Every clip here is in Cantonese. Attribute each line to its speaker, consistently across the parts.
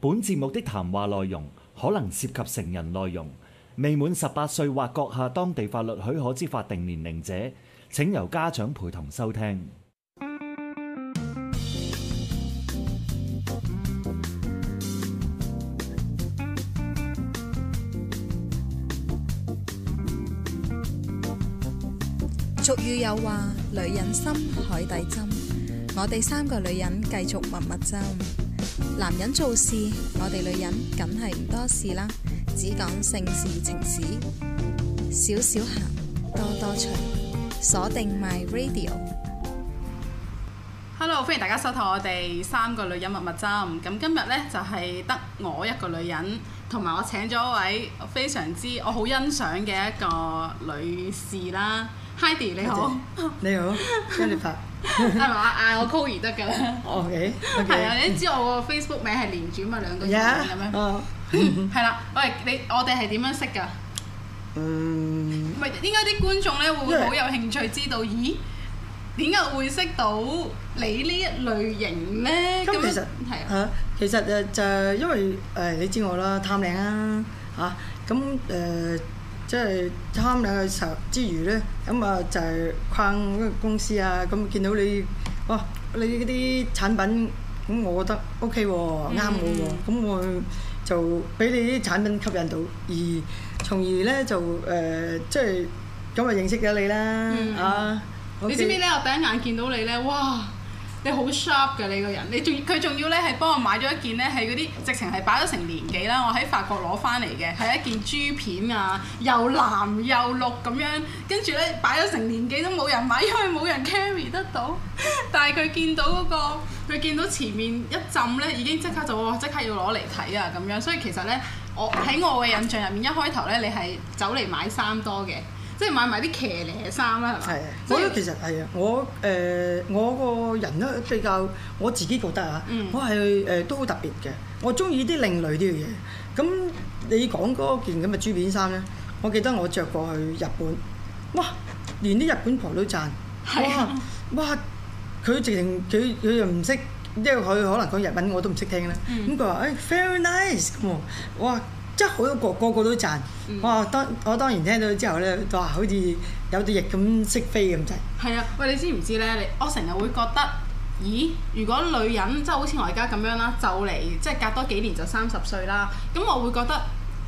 Speaker 1: 本節目的談話內容可能涉及成人內容，未滿十八歲或閣下當地法律許可之法定年齡者，請由家長陪同收聽。
Speaker 2: 俗語有話：女人心，海底針。我哋三個女人繼續蜜蜜針。男人做事，我哋女人梗係唔多事啦，只講性事情史，少少鹹，多多趣。鎖定 My Radio。Hello，歡迎大家收睇我哋三個女人密密針。咁今日呢，就係、是、得我一個女人，同埋我請咗一位非常之我好欣賞嘅一個女士啦，Hidy 你好，
Speaker 1: 你好， 你好 Jennifer.
Speaker 2: 係咪啊？嗌我 call 而得噶
Speaker 1: 啦。OK，OK。係啊，你知
Speaker 2: 我個 Facebook 名係連轉嘛兩個字咁樣。嗯。係啦，喂，你我哋係點樣識噶？嗯。唔係，應該啲觀眾咧會好有興趣知道，咦？點解會識到你呢一類型咧？咁其實係啊。
Speaker 1: 啊，其實誒就因為誒你知我啦，貪靚啊，吓咁誒。即係貪兩個酬之餘咧，咁啊就係框嗰公司啊，咁見到你，哇！你啲產品，咁我覺得 O K 喎，啱我喎，咁我就俾你啲產品吸引到，而從而咧就誒，即係今日認識咗你啦，嗯、啊！你知唔知咧？嗯、我
Speaker 2: 第一眼見到你咧，哇！你好 shop 嘅你個人，你仲佢仲要咧係幫我買咗一件咧，係嗰啲直情係擺咗成年幾啦，我喺法國攞翻嚟嘅，係一件珠片啊，又藍又綠咁樣，跟住咧擺咗成年幾都冇人買，因為冇人 carry 得到。但係佢見到嗰個，佢見到前面一浸咧，已經即刻就即刻要攞嚟睇啊咁樣。所以其實咧，我喺我嘅印象入面，一開頭咧，你係走嚟買衫多嘅。即
Speaker 1: 係買埋啲騎呢衫啦，係嘛？我覺得其實係啊，我誒我個人咧比較，我自己覺得啊，我係誒都好特別嘅，我中意啲另類啲嘅嘢。咁你講嗰件咁嘅珠片衫咧，我記得我著過去日本，哇！連啲日本婆都讚，哇哇！佢直情佢佢又唔識，因為佢可能講日文我都唔識聽咧。咁佢話：誒，very nice，咁啊，哇！即係好多個個個都讚，哇、嗯！我當我當然聽到之後咧，都話好似有對翼咁識飛咁滯。
Speaker 2: 係啊，喂！你知唔知咧？你我成日會覺得，咦？如果女人即係好似我而家咁樣啦，就嚟即係隔多幾年就三十歲啦，咁我會覺得，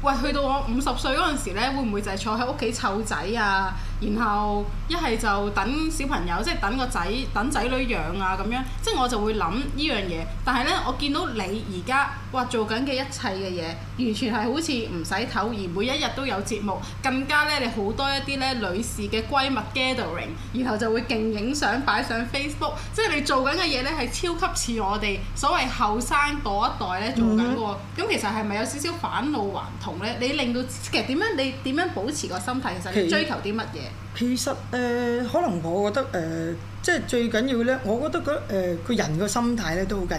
Speaker 2: 喂！去到我五十歲嗰陣時咧，會唔會就係坐喺屋企湊仔啊？然後一係就等小朋友，即係等個仔等仔女養啊咁樣，即係我就會諗呢樣嘢。但係咧，我見到你而家哇做緊嘅一切嘅嘢，完全係好似唔使唞，而每一日都有節目，更加咧你好多一啲咧女士嘅閨蜜 gathering，然後就會勁影相擺上 Facebook，即係你做緊嘅嘢咧係超級似我哋所謂後生嗰一代咧、嗯、做緊個。咁其實係咪有少少返老還童咧？你令到其實點樣你點樣保持個心態？其實你追求啲乜嘢？
Speaker 1: 其實誒、呃，可能我覺得誒、呃，即係最緊要咧，我覺得嗰誒，個、呃、人個心態咧都好緊要誒、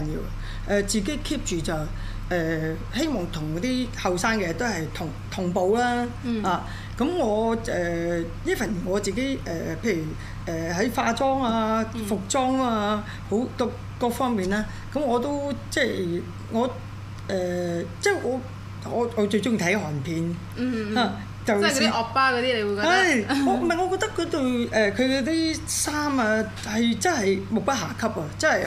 Speaker 1: 呃，自己 keep 住就誒、呃，希望同嗰啲後生嘅都係同同步啦、嗯、啊！咁我誒呢份我自己誒、呃，譬如誒喺、呃、化妝啊、服裝啊，好多各方面啦，咁我都即係我誒，即係我、呃、即我我，我最鍾意睇韓片
Speaker 2: 嚇。啊嗯嗯即係嗰啲惡霸嗰啲，你會覺得？唉、
Speaker 1: 哎，我唔係，我覺得佢對佢嗰啲衫啊，係、欸、真係目不暇給啊！真係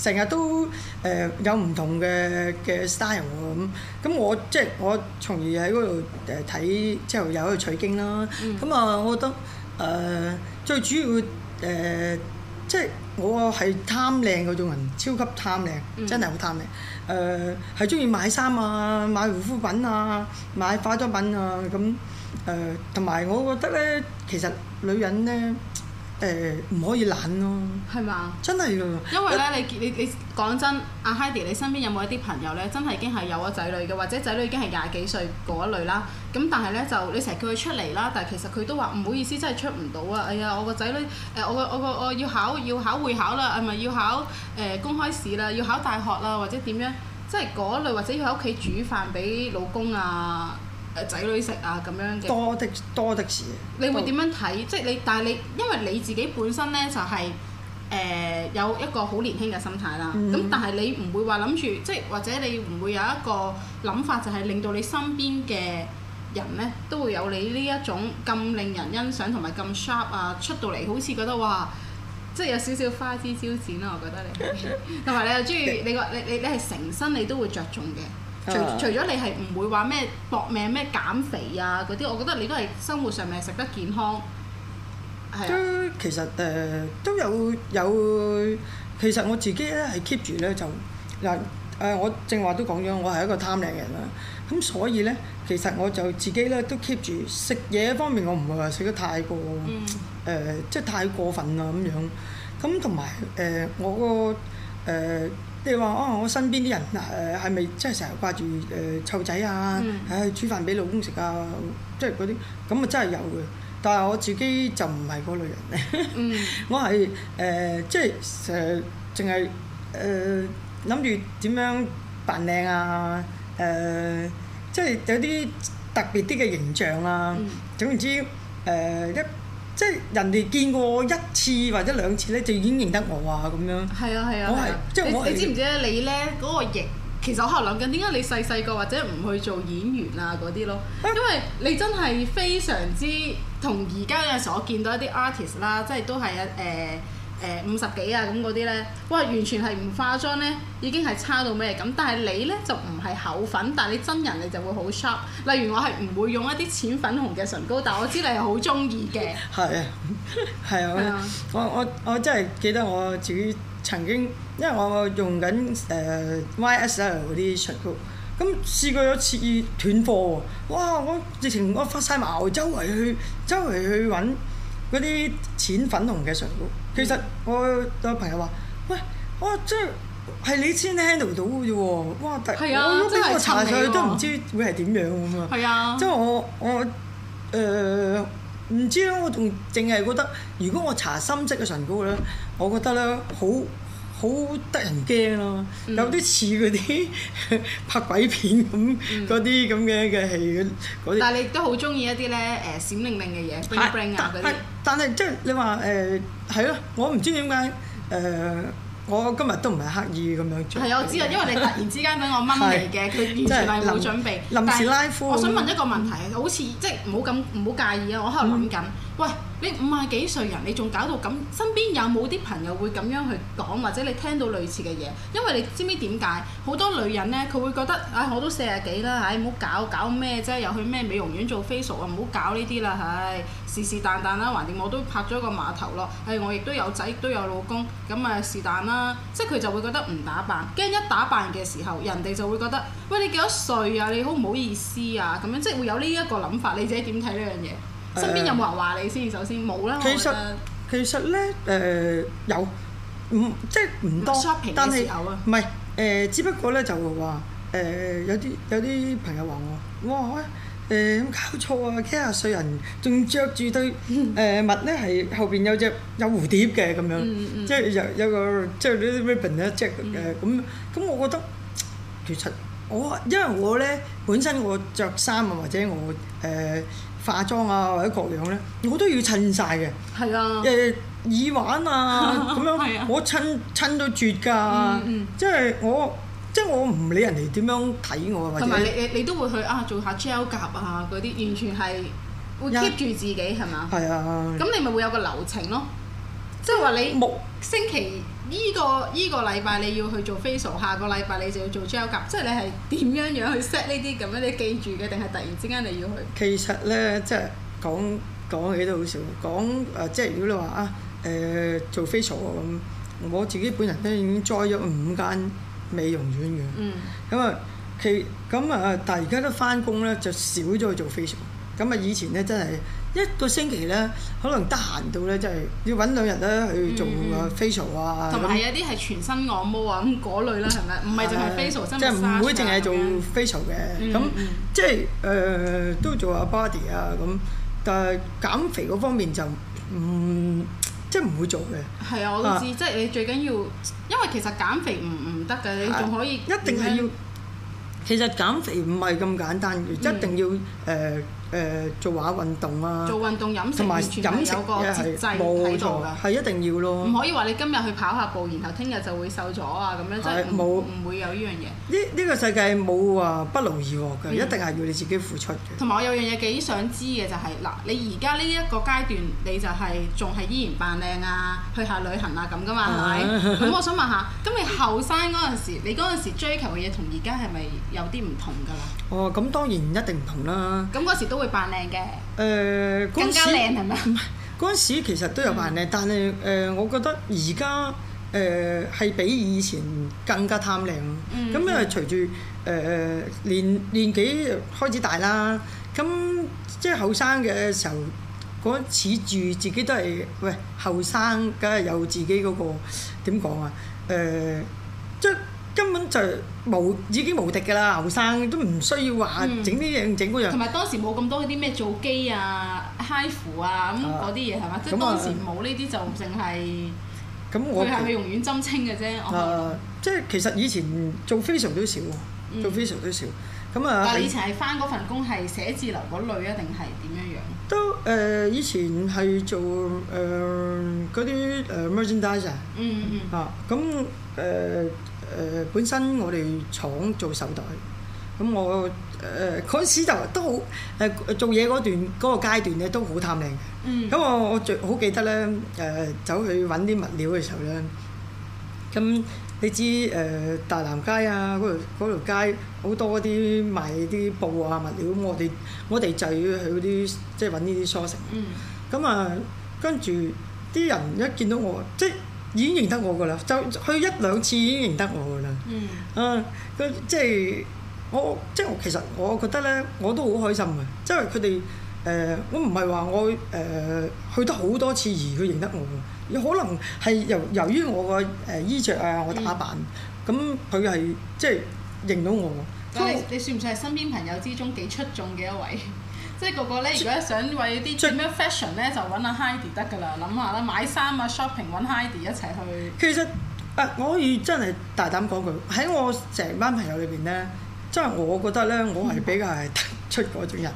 Speaker 1: 成日都誒有唔同嘅嘅 style 喎咁。咁我即係我從而喺嗰度誒睇之後有度取經啦、啊。咁啊、嗯，我覺得誒、呃、最主要誒、呃、即係我係貪靚嗰種人，超級貪靚，嗯、真係好貪靚。誒，係中意買衫啊，買護膚品啊，買化妝品啊，咁誒，同、呃、埋我覺得咧，其實女人咧。誒唔可以懶咯，係嘛？真係㗎，
Speaker 2: 因為咧，你你你講真，阿 Hidy，你身邊有冇一啲朋友咧，真係已經係有咗仔女嘅，或者仔女已經係廿幾歲嗰一類啦。咁但係咧就，你成日叫佢出嚟啦，但係其實佢都話唔好意思，真係出唔到啊。哎呀，我個仔女誒，我個我個我，我，我要考要考會考啦，係咪要考誒公開試啦，要考大學啦，或者點樣？即係嗰類，或者要喺屋企煮飯俾老公啊。仔女食啊，咁樣嘅，多
Speaker 1: 的多的時。你會
Speaker 2: 點樣睇？即係你，但係你因為你自己本身呢、就係，就係誒有一個好年輕嘅心態啦。咁、嗯、但係你唔會話諗住，即係或者你唔會有一個諗法，就係令到你身邊嘅人呢，都會有你呢一種咁令人欣賞同埋咁 sharp 啊，出到嚟，好似覺得哇，即係有少少花枝招展咯，我覺得你。同埋 你又中意、嗯、你個你你你係成身你都會着重嘅。除除咗
Speaker 1: 你係唔會話咩搏命咩減肥啊嗰啲，我覺得你都係生活上面係食得健康，係啊。其實誒、呃、都有有，其實我自己咧係 keep 住咧就嗱誒、呃，我正話都講咗，我係一個貪靚人啦。咁所以咧，其實我就自己咧都 keep 住食嘢方面，我唔會話食得太過誒、嗯呃，即係太過分啦咁樣。咁同埋誒我、個誒。呃你話哦，我身邊啲人誒係咪真係成日掛住誒湊仔啊？誒、嗯啊、煮飯俾老公食啊，即係嗰啲咁啊，真係有嘅。但係我自己就唔係嗰類人，嗯、 我係誒、呃、即係成日，淨係誒諗住點樣扮靚啊？誒、呃、即係有啲特別啲嘅形象啊。嗯、總言之誒、呃、一。即係人哋見過我一次或者兩次咧，就已經認得我啊咁樣。
Speaker 2: 係啊係啊，啊啊我係即係你知唔知咧？你咧嗰個型，其實我喺度諗緊，點解你細細個或者唔去做演員啊嗰啲咯？因為你真係非常之同而家有陣時我見到一啲 artist 啦，即係都係啊誒。呃誒五十幾啊，咁嗰啲呢？哇，完全係唔化妝呢，已經係差到咩咁？但係你呢，就唔係厚粉，但係你真人你就會好 sharp。例如我係唔會用一啲淺粉紅嘅唇膏， 但我知你係好中意嘅。
Speaker 1: 係啊，係啊， 我我我，我真係記得我自己曾經，因為我用緊、呃、YSL 嗰啲唇膏，咁試過有次斷貨，哇！我直情我發晒毛，周圍去，周圍去揾嗰啲淺粉紅嘅唇膏。其實我有朋友話：喂，哇，真係係你先 handle 到嘅啫喎！哇，我如果俾我搽上去都唔知會係點樣咁啊！係啊，即係我我誒唔知囉，我仲淨係覺得，如果我搽深色嘅唇膏咧，我覺得咧好。好得人驚咯，有啲似嗰啲拍鬼片咁，嗰啲咁樣嘅戲嗰
Speaker 2: 啲、呃。但係你都好中意一啲咧，誒閃靈靈嘅嘢，bring bring 啊嗰
Speaker 1: 啲。但係即係你話誒係咯，我唔知點解誒。呃我今日都唔係刻意咁樣做。係啊，我知啊，因為你突然之
Speaker 2: 間俾我掹嚟嘅，佢完 的全係冇準備。臨時拉夫。但我想問一個問題，好似即係唔好咁，唔好介意啊，我喺度諗緊。嗯、喂，你五十幾歲人、啊，你仲搞到咁？身邊有冇啲朋友會咁樣去講，或者你聽到類似嘅嘢？因為你知唔知點解好多女人呢，佢會覺得唉，我都四十幾啦，唉，唔好搞搞咩啫，又去咩美容院做 facial 啊，唔好搞呢啲啦，唉。是是但但啦，橫掂我都拍咗個碼頭咯。誒、哎，我亦都有仔，亦都有老公，咁啊是但啦。即係佢就會覺得唔打扮，驚一打扮嘅時候，人哋就會覺得，喂你幾多歲啊？你好唔好意思啊？咁樣即係會有呢一個諗法。你自己點睇呢樣嘢？呃、身邊有冇人話你先？首先冇啦。其實
Speaker 1: 我覺得其實咧，誒、呃、有，唔、嗯、即係唔多。Shopping 嘅是時候啊，唔係誒，只不過咧就話誒、呃，有啲有啲朋友話我，我誒咁、欸、搞錯啊！幾下歲幾廿歲人仲着住對誒襪咧，係、嗯呃、後邊有隻、嗯嗯、有蝴蝶嘅咁樣，即係有有個即係啲 ribbon 一即係誒咁。咁、嗯嗯、我覺得其實我因為我咧本身我着衫啊，或者我誒、呃、化妝啊，或者各樣咧，我都要襯晒嘅。
Speaker 2: 係啊。誒、呃、
Speaker 1: 耳環啊咁樣，我襯襯到絕㗎，即係我。即係我唔理人哋點樣睇我，或者同埋你
Speaker 2: 你都會去啊做下 gel 甲啊嗰啲，完全係會 keep 住自己係嘛？係
Speaker 1: Yeah. 吧啊！咁你
Speaker 2: 咪會有個流程咯。即係話你木星期呢、呢個呢、呢個禮拜你要去做 facial，下個禮拜你就要做 gel 甲。即係你係點樣樣去 set 呢啲咁樣？你記住嘅定係突然之間你要去？
Speaker 1: 其實咧，即係講講起都好少講。誒，即係如果你話啊誒做 facial，我自己本人都已經栽咗五間。美容院嘅，咁啊其咁啊，但係而家都返工咧，就少咗去做 facial。咁啊，以前咧真係一個星期咧，可能得閒到咧，真係要揾兩日咧去做 facial、嗯、啊。同埋有
Speaker 2: 啲係全身按摩啊，咁嗰、嗯、類啦，係咪、嗯？唔係淨係 facial 係。真係即係唔會淨係
Speaker 1: 做 facial 嘅，咁即係誒都做下 body 啊咁。但係減肥嗰方面就唔。嗯即係唔會做嘅。
Speaker 2: 係啊，我都知。啊、即係你最緊要，因為其實減肥唔唔得㗎，的你仲可以一定係要。
Speaker 1: 其實減肥唔係咁簡單嘅，嗯、一定要誒。呃誒做下運動啊，做運
Speaker 2: 動飲食同埋飲食有個節制喺度，
Speaker 1: 係一定要咯，唔可
Speaker 2: 以話你今日去跑下步，然後聽日就會瘦咗啊咁樣，真係冇唔會有呢樣
Speaker 1: 嘢。呢呢個世界冇話不勞而獲嘅，一定係要你自己付出嘅。
Speaker 2: 同埋我有樣嘢幾想知嘅就係嗱，你而家呢一個階段，你就係仲係依然扮靚啊，去下旅行啊咁噶嘛，係咪？咁我想問下，咁你後生嗰陣時，你嗰陣時追求嘅嘢同而家係咪有啲唔同噶啦？
Speaker 1: 哦，咁當然一定唔同啦。咁嗰時都～會扮靚嘅，誒、呃，更加靚係咪？唔係，嗰陣時,嗎 時其實都有扮靚，但係誒，我覺得而家誒係比以前更加貪靚。咁、嗯、因為隨住誒誒年年紀開始大啦，咁即係後生嘅時候嗰次住自己都係喂後生，梗係有自己嗰、嗰個點講啊？誒、呃，即係。根本就無已經無敵㗎啦！後生都唔需要
Speaker 2: 話整呢
Speaker 1: 樣整嗰樣，同埋
Speaker 2: 嗯、當時冇咁多啲咩造機啊、HIFU 啊咁嗰啲嘢係嘛？即係當時冇呢啲，就淨係我係佢用軟針清
Speaker 1: 嘅啫。我即係其實以前做 facial 都少，uh, 做 facial 都少咁啊。但係以前係
Speaker 2: 返嗰份工係寫字樓嗰類啊，定係
Speaker 1: 點樣樣都誒？以前係做誒嗰啲誒 merchandise 啊，嚇咁誒。誒、呃、本身我哋廠做手袋，咁我誒嗰陣時就都好誒、呃、做嘢嗰段嗰、嗰個階段咧都好貪靚咁，我我最好記得咧誒、呃、走去揾啲物料嘅時候咧，咁你知誒、呃、大南街啊嗰條嗰條街好多啲賣啲布啊物料，我哋我哋就要去啲即係揾呢啲梳成。咁啊、嗯嗯，跟住啲人一見到我即。已經認得我㗎喇，就去一兩次已經認得我㗎喇。嗯啊，即係我即係其實我覺得咧、呃，我都好開心嘅，因為佢哋誒我唔係話我誒去得好多次而佢認得我，有可能係由由於我個誒衣着啊，我打扮咁佢係即係認到我。你、嗯、你算唔
Speaker 2: 算係身邊朋友之中幾出眾嘅一位？即係個個咧，是如果想為啲最咩 fashion 咧，是就揾阿 Heidi 得㗎啦。諗下啦，買衫啊 shopping
Speaker 1: 揾 Heidi 一齊去。其實，誒，我可以真係大膽講句，喺我成班朋友裏邊咧，即係我覺得咧，我係比較係。嗯 出嗰種人，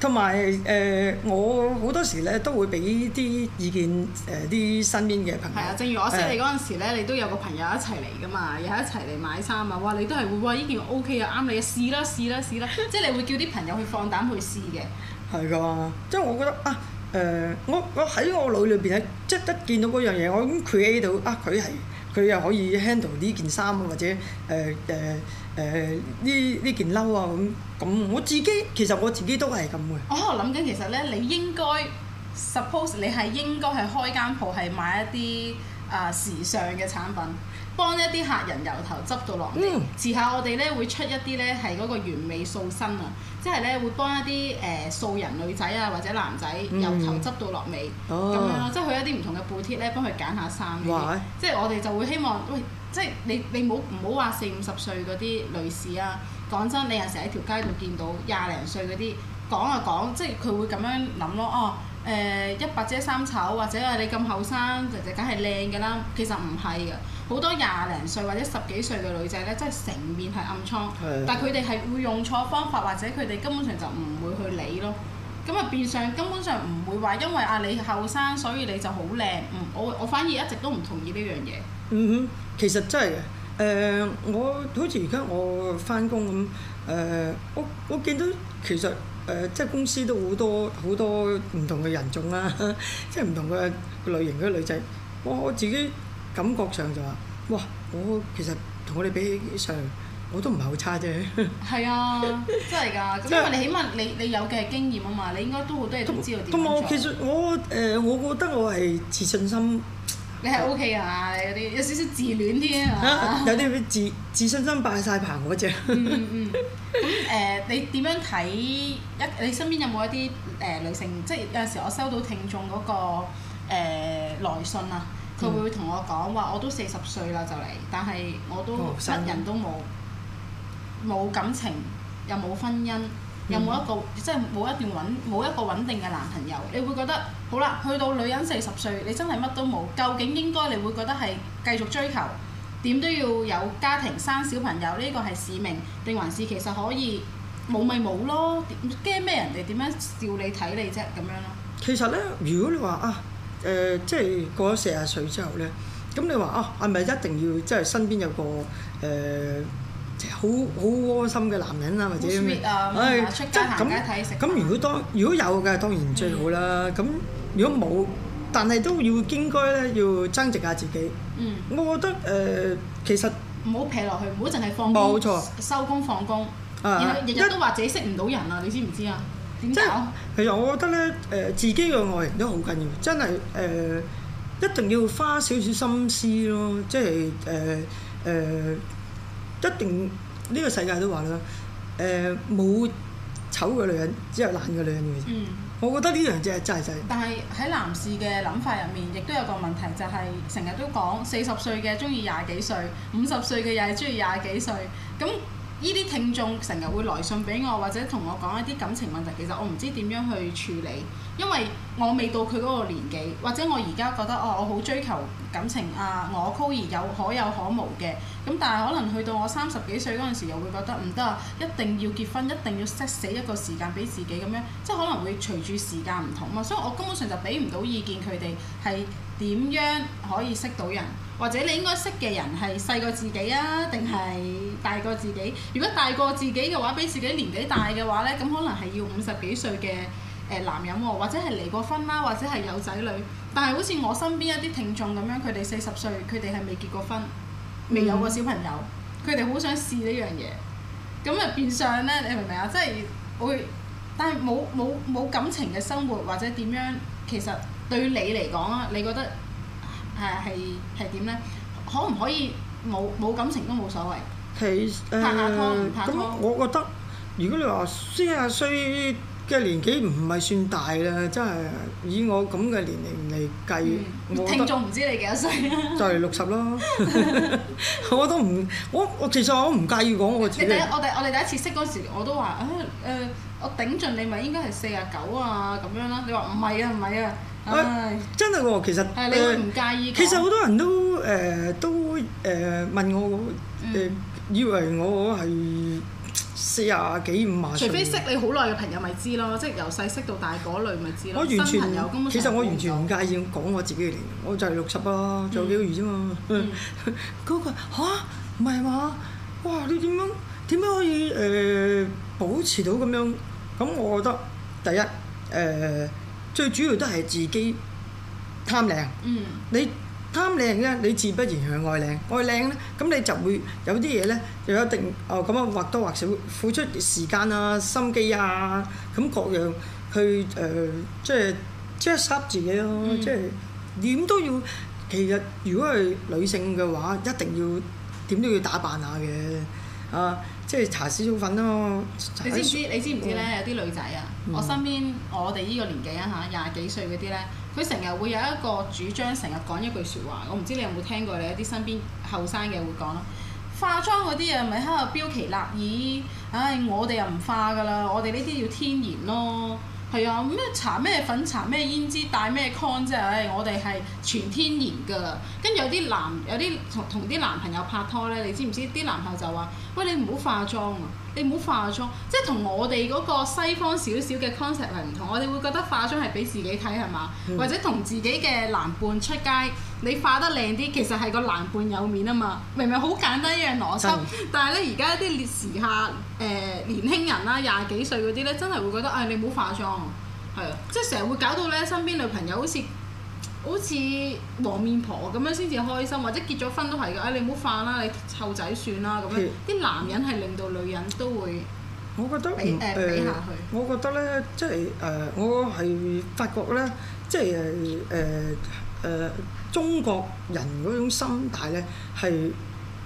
Speaker 1: 同埋誒我好多時咧都會俾啲意見誒啲、呃、身邊嘅朋友。係啊，正如我識你嗰
Speaker 2: 陣時咧，你都有個朋友一齊嚟噶嘛，又一齊嚟買衫啊！哇，你都係會哇呢件 O K 啊，啱你嘅，試啦，試啦，試啦，即係你會叫啲朋友去放膽去試嘅。
Speaker 1: 係噶，即係我覺得啊誒、呃，我我喺我腦裏邊咧，即係一見到嗰樣嘢，我已經 create 到啊，佢係佢又可以 handle 呢件衫或者誒誒。呃呃誒呢呢件褸啊咁咁、嗯、我自己其實我自己都係咁嘅。
Speaker 2: 我諗緊其實咧，你應該 suppose 你係應該係開間鋪，係買一啲啊、呃、時尚嘅產品。幫一啲客人由頭執到落尾，遲、嗯、下我哋咧會出一啲咧係嗰個完美塑身啊，即係咧會幫一啲誒素人女仔啊或者男仔由頭執到落尾
Speaker 1: 咁咯，即係
Speaker 2: 去一啲唔同嘅布貼咧幫佢揀下衫，即係我哋就會希望喂，即係你你唔好唔好話四五十歲嗰啲女士啊，講真，你有時喺條街度見到廿零歲嗰啲講啊講，即係佢會咁樣諗咯，哦誒、呃、一白遮三醜，或者話你咁後生就就梗係靚㗎啦，其實唔係嘅。好多廿零歲或者十幾歲嘅女仔呢，真係成面係暗瘡，是的 但佢哋係會用錯方法，或者佢哋根本上就唔會去理咯。咁啊變相根本上唔會話，因為啊你後生，所以你就好靚。我我反而一直都唔同意呢樣嘢。嗯
Speaker 1: 哼，其實真係嘅。我好似而家我翻工咁，誒、呃，我我見到其實誒、呃，即係公司都好多好多唔同嘅人種啦， 即係唔同嘅類型嘅女仔，我我自己。感覺上就話，哇！我其實同我哋比起上，我都唔係好差啫。
Speaker 2: 係啊，真係㗎。因為你起碼你你有嘅係經驗啊嘛， 你應該都好多嘢都知道點。同埋其實
Speaker 1: 我誒、呃，我覺得我係自信心。
Speaker 2: 你係 OK 啊？我你有啲有少少自戀啲啊？ 有啲
Speaker 1: 自自信心爆晒棚嗰隻。咁、嗯、
Speaker 2: 誒、呃，你點樣睇一？你身邊有冇一啲誒、呃、女性？即係有陣時我收到聽眾嗰、嗰個誒來、呃、信啊。佢會同我講話，我都四十歲啦就嚟，但係我都乜人都冇，冇感情，又冇婚姻，又冇一個，嗯、即係冇一段穩冇一個穩定嘅男朋友。你會覺得好啦，去到女人四十歲，你真係乜都冇。究竟應該你會覺得係繼續追求，點都要有家庭、生小朋友呢個係使命，定還是其實可以冇咪冇咯？驚咩人哋點樣笑你睇你啫咁樣咯？
Speaker 1: 其實呢，如果你話啊～誒，即係過咗四十歲之後咧，咁你話啊，係咪一定要即係身邊有個誒好好窩心嘅男人啊？或者咩啊？出街行街睇食。咁如果當如果有嘅當然最好啦。咁如果冇，但係都要應該咧要增值下自己。嗯。我覺得誒，其實
Speaker 2: 唔好撇落去，唔好淨係放工。冇錯，收工放工。啊！而家都話自己識唔到人啊？你知唔知啊？
Speaker 1: 即係其實我覺得咧，誒、呃、自己嘅外形都好緊要，真係誒、呃、一定要花少少心思咯，即係誒誒一定呢個世界都話啦，誒、呃、冇醜嘅女人，只有懶嘅女人嘅。嗯，我覺得呢樣嘢真係真係。
Speaker 2: 但係喺男士嘅諗法入面，亦都有個問題，就係成日都講四十歲嘅中意廿幾歲，五十歲嘅又係中意廿幾歲，咁。呢啲聽眾成日會來信俾我，或者同我講一啲感情問題，其實我唔知點樣去處理。因為我未到佢嗰個年紀，或者我而家覺得哦，我好追求感情啊，我 co 有可有可無嘅。咁但係可能去到我三十幾歲嗰陣時，又會覺得唔得啊，一定要結婚，一定要 set 死一個時間俾自己咁樣，即係可能會隨住時間唔同啊。所以我根本上就俾唔到意見佢哋係點樣可以識到人，或者你應該識嘅人係細過自己啊，定係大過自己？如果大過自己嘅話，俾自己年紀大嘅話呢，咁可能係要五十幾歲嘅。誒男人喎，或者係離過婚啦，或者係有仔女，但係好似我身邊一啲聽眾咁樣，佢哋四十歲，佢哋係未結過婚，未有過小朋友，佢哋好想試呢樣嘢。咁啊，變相呢？你明唔明啊？即係會，但係冇冇冇感情嘅生活，或者點樣，其實對你嚟講啊，你覺得誒係係點咧？可唔可以冇冇感情都冇所謂？
Speaker 1: 係誒，呃、拍下拖拍拖。我覺得，如果你話四啊，歲。嘅年紀唔係算大啦，真係以我咁嘅年齡嚟計，我聽眾
Speaker 2: 唔知你幾多歲啊？就係
Speaker 1: 六十咯，我都唔，我我其實我唔介意講我自己。我第我
Speaker 2: 哋我哋第一次識嗰時，我都話啊誒，我頂盡你咪應該係四十九
Speaker 1: 啊咁樣啦，你話唔係啊唔係啊，唉真係喎，其實誒你會唔
Speaker 2: 介意。其實好多人
Speaker 1: 都誒都誒問我誒以為我係。四廿幾五萬，除非識
Speaker 2: 你好耐嘅朋友咪知咯，即係由細識到大嗰類咪知咯。我完全其實我完
Speaker 1: 全唔介意講我自己嘅年齡，我就係六十咯，仲、嗯、有幾個月啫嘛。嗰、嗯 嗰個吓唔係嘛？哇！你點樣點樣可以誒、呃、保持到咁樣？咁我覺得第一誒、呃、最主要都係自己貪靚。嗯，你。貪靚咧，你自不言而愛靚，愛靚咧，咁你就會有啲嘢咧，就一定哦咁啊，或多或少付出時間啊、心機啊，咁各樣去誒、呃，即係、嗯、即 r e 自己咯，即係點都要。其實如果係女性嘅話，一定要點都要打扮下嘅啊。即係搽少少粉咯、啊啊。你知唔知？你知唔知咧？有
Speaker 2: 啲女仔啊，嗯、我身邊我哋呢個年紀啊嚇，廿幾歲嗰啲咧，佢成日會有一個主張，成日講一句説話。我唔知你有冇聽過？你有啲身邊後生嘅會講咯。化妝嗰啲啊，咪喺度標奇立異。唉，我哋又唔化噶啦，我哋呢啲要天然咯。係啊，咩搽咩粉，搽咩胭脂，戴咩 con 啫，唉、哎，我哋係全天然㗎。跟住有啲男有啲同同啲男朋友拍拖呢，你知唔知啲男朋友就話：喂，你唔好化妝啊，你唔好化妝，即係同我哋嗰個西方少少嘅 concept 係唔同。我哋會覺得化妝係俾自己睇係嘛，嗯、或者同自己嘅男伴出街。你化得靚啲，其實係個男伴有面啊嘛，明明好簡單一樣邏輯，但係是呢，而家啲時下誒、呃、年輕人啦，廿幾歲嗰啲呢，真係會覺得誒、哎、你唔好化妝，係啊，即係成日會搞到呢，身邊女朋友好似好似黃面婆咁樣先至開心，或者結咗婚都係嘅，誒你唔好化啦，你湊仔算啦咁樣，啲的男人係令到女人都會我、呃呃，我覺得誒，
Speaker 1: 我覺得咧即係誒，我係發覺呢，即係誒。呃誒中國人嗰種心態咧，係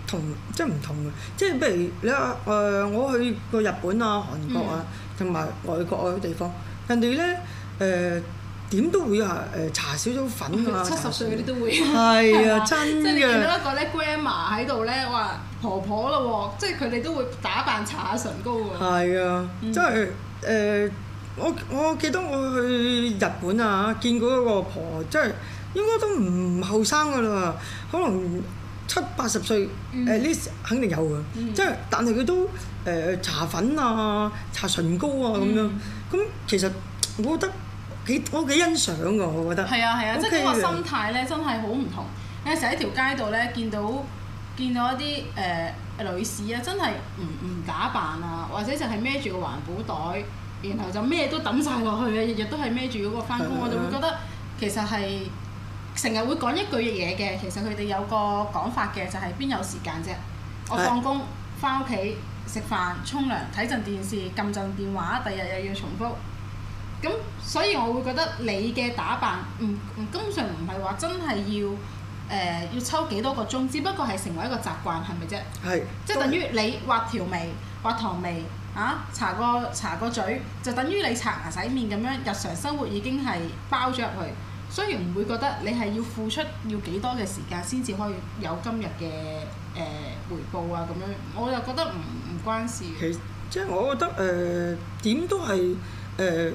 Speaker 1: 同即係唔同嘅，即係譬如你話誒，我去過日本啊、韓國啊，同埋外國嗰啲地方，人哋咧誒點都會啊誒搽少少粉㗎啦，七十歲嗰
Speaker 2: 啲都會，係啊真嘅，你見到一個咧 grandma 喺度咧，哇婆婆咯喎，即係佢哋都會打扮搽下唇膏
Speaker 1: 喎，係啊，即係誒我我記得我去日本啊嚇，見過一個婆即係。應該都唔後生㗎喇，可能七八十歲誒呢時肯定有㗎，即係、嗯、但係佢都誒搽、呃、粉啊、搽唇膏啊咁、嗯、樣。咁其實我覺得幾我幾欣賞㗎，我覺得係啊係啊，即係嗰個心
Speaker 2: 態咧真係好唔同。有時喺條街度咧見到見到一啲誒、呃、女士啊，真係唔唔打扮啊，或者就係孭住個環保袋，然後就咩都抌晒落去啊，日日都係孭住嗰個返工，我就會覺得其實係。成日會講一句嘢嘅，其實佢哋有個講法嘅，就係、是、邊有時間啫？我放工返屋企食飯、沖涼、睇陣電視、撳陣電話，第日又要重複。咁所以我會覺得你嘅打扮，唔、嗯、唔根本上唔係話真係要誒、呃、要抽幾多個鐘，只不過係成為一個習慣，係咪啫？係是即係等於你畫條眉、畫糖眉啊，搽個搽個嘴，就等於你刷牙洗面咁樣，日常生活已經係包咗入去。所以唔會覺得你係要付出要幾多嘅時間先至可以有今日嘅誒回報啊，咁樣，我就覺得唔唔關事
Speaker 1: 其實。其即係我覺得誒點、呃、都係誒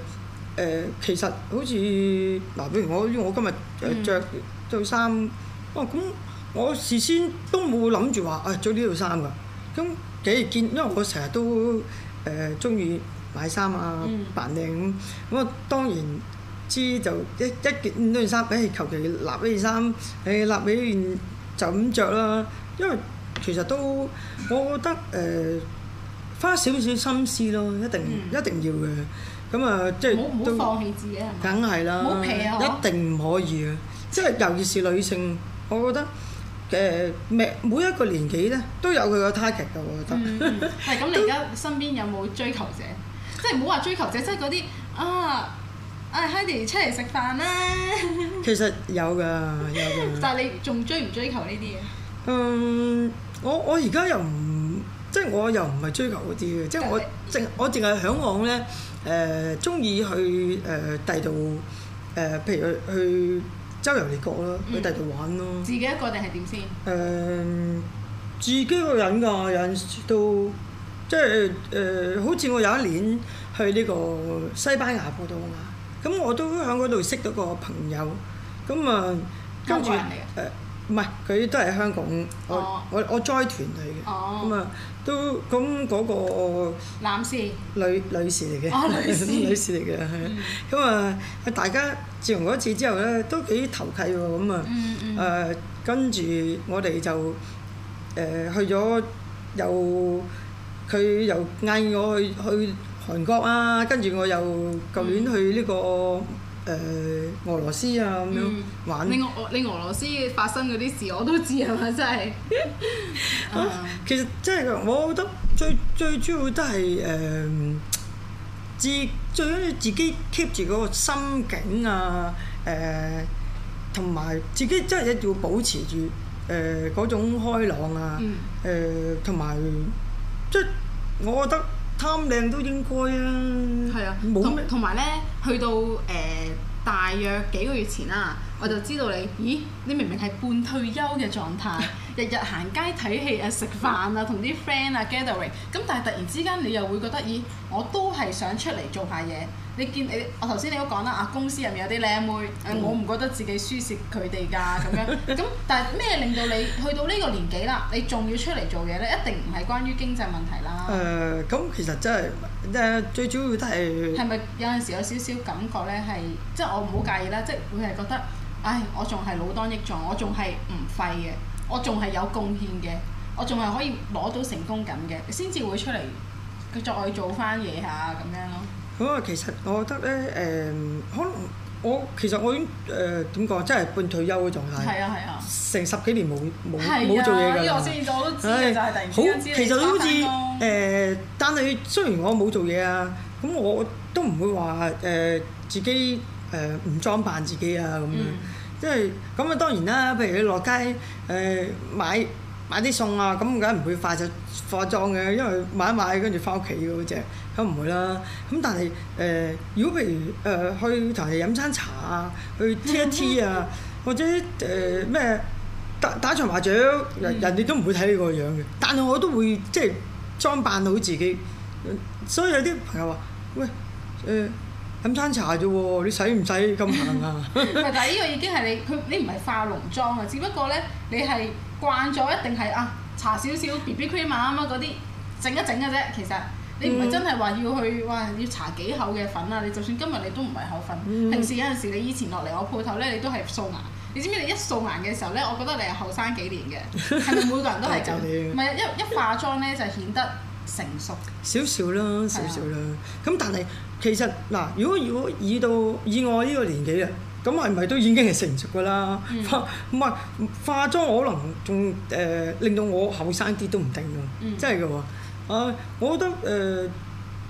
Speaker 1: 誒，其實好似嗱、呃，比如我我今日誒著著衫，哇咁、嗯哦、我事先都冇諗住話誒著呢、哎、條衫㗎，咁幾件，因為我成日都誒中意買衫啊扮靚咁，咁啊、嗯、當然。知就一一件五多件衫，誒求其揦幾件衫，誒揦幾件就咁著啦。因為其實都我覺得誒花少少心思咯，一定一定要嘅。咁啊，即係唔好唔好放棄自己。梗係啦，一定唔可以啊。即係尤其是女性，我覺得嘅每每一個年紀咧都有佢個 target 嘅。我覺得係
Speaker 2: 咁，你而家身邊有冇追求者？即係唔好話追求者，即係嗰啲啊～啊！Hidy
Speaker 1: 出嚟食飯啦！Ready, to to 其實有㗎，有。 但係你仲追唔追求呢
Speaker 2: 啲嘢？
Speaker 1: 嗯，我我而家又唔即係我又唔係追求嗰啲嘅，是即係我淨我淨係嚮往咧誒，中意、呃、去誒第度誒，譬、呃呃、如去去周遊列國啦，去第度玩咯，嗯。自己一個定係
Speaker 2: 點
Speaker 1: 先？誒、呃，自己一個人㗎，有陣時都即係誒、呃，好似我有一年去呢個西班牙嗰度啊。 咁我都喺嗰度識到個朋友，咁啊，香港人嚟嘅，誒唔係佢都係香港，我我我 join 團隊嘅，咁啊都咁嗰個男士、女女士嚟嘅，女士女士嚟嘅，係咁啊，大家自從嗰次之後咧都幾投契喎，咁啊，誒跟住我哋就誒去咗，又佢又嗌我去去。韓國啊，跟住我又舊年去呢、這個誒、嗯呃、俄羅斯啊咁樣玩。你俄、嗯、
Speaker 2: 你俄羅斯發生嗰啲事我都知係嘛，真係？
Speaker 1: 啊、其實真係我覺得最最主要都係誒，知、呃、最緊要自己 keep 住嗰個心境啊，誒同埋自己真係一定要保持住誒嗰種開朗啊，誒同埋即我覺得。貪靚都應該啊，
Speaker 2: 係啊，冇同同埋咧，去到誒、呃、大約幾個月前啦，我就知道你，咦，你明明係半退休嘅狀態，日日行街睇戲啊、食飯啊、同啲 friend 啊 gathering，咁但係突然之間你又會覺得，咦，我都係想出嚟做下嘢。你見你我頭先你都講啦啊，公司入面有啲靚妹，誒、嗯嗯、我唔覺得自己輸蝕佢哋㗎咁樣，咁但係咩令到你去到呢個年紀啦，你仲要出嚟做嘢咧？一定唔係關於經濟問題啦。
Speaker 1: 誒、呃，咁其實真、就、係、是呃、最主要都係係
Speaker 2: 咪有陣時有少少感覺咧？係即係我唔好介意啦，即係會係覺得，唉，我仲係老當益壯，我仲係唔廢嘅，我仲係有貢獻嘅，我仲係可以攞到成功感嘅，先至會出嚟佢再去做翻嘢下咁樣咯。
Speaker 1: 咁啊，其實我覺得咧，誒、嗯，可能我其實我已經誒點講，真係半退休嘅狀態。係啊係啊。成十幾年冇冇冇做嘢㗎啦。係
Speaker 2: 啊，其實都好似。
Speaker 1: 就但係雖然我冇做嘢啊，咁我都唔會話誒、呃、自己誒唔、呃、裝扮自己啊咁樣。嗯。因為咁啊，當然啦。譬如你落街誒買買啲餸啊，咁梗係唔會化就化妝嘅，因為買一買跟住翻屋企嘅嗰隻。買都唔會啦，咁但係誒、呃，如果譬如誒、呃、去同人飲餐茶啊，去 t 一 t 啊， 或者誒咩、呃、打打一場麻雀，嗯、人人哋都唔會睇你個樣嘅。但係我都會即係裝扮好自己，所以有啲朋友話：喂誒飲、呃、餐茶啫喎，你使唔使咁行啊？ 但係呢個
Speaker 2: 已經係你佢你唔係化濃妝啊，只不過咧你係慣咗、啊、一定係啊搽少少 BB cream 啊咁啊嗰啲整一整嘅啫，其實。你唔係真係話要去，話要搽幾厚嘅粉啊！你就算今日你都唔係厚粉，平、嗯、時有陣時你以前落嚟我鋪頭咧，你都係素顏。你知唔知你一素顏嘅時候咧，我覺得你係後生幾年嘅，係咪 每個人都係咁？
Speaker 1: 唔係，一
Speaker 2: 一化妝咧就顯得成熟
Speaker 1: 少少啦，少少啦。咁的但係其實嗱，如果如果以到以我呢個年紀啊，咁係咪都已經係成熟噶啦？嗯、化唔係化妝可能仲誒令到我後生啲都唔定㗎，真係㗎喎。啊！Uh, 我覺得誒、呃、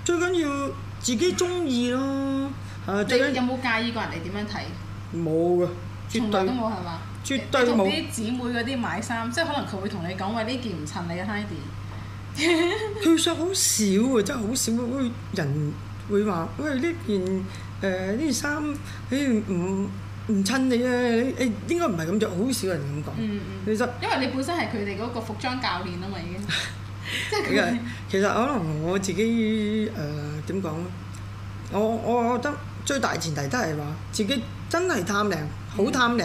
Speaker 1: 最緊要
Speaker 2: 自己中意咯。嚇，最緊有冇介意過人哋點樣睇？冇嘅，絕對從來都冇係嘛？絕對冇。同啲姊妹嗰啲買衫，即係可能佢會同你講話呢件唔襯你啊 Hidy
Speaker 1: 其實好少喎，真係好少，會人會話喂呢件誒呢、呃、件衫唔唔襯你啊！你應該唔係咁著，好少人咁講。嗯嗯、其實
Speaker 2: 因為你本身係佢哋嗰個服裝教練啊嘛，已經。
Speaker 1: 其實可能我自己誒點講咧，我我覺得最大前提都係話自己真係貪靚，好貪靚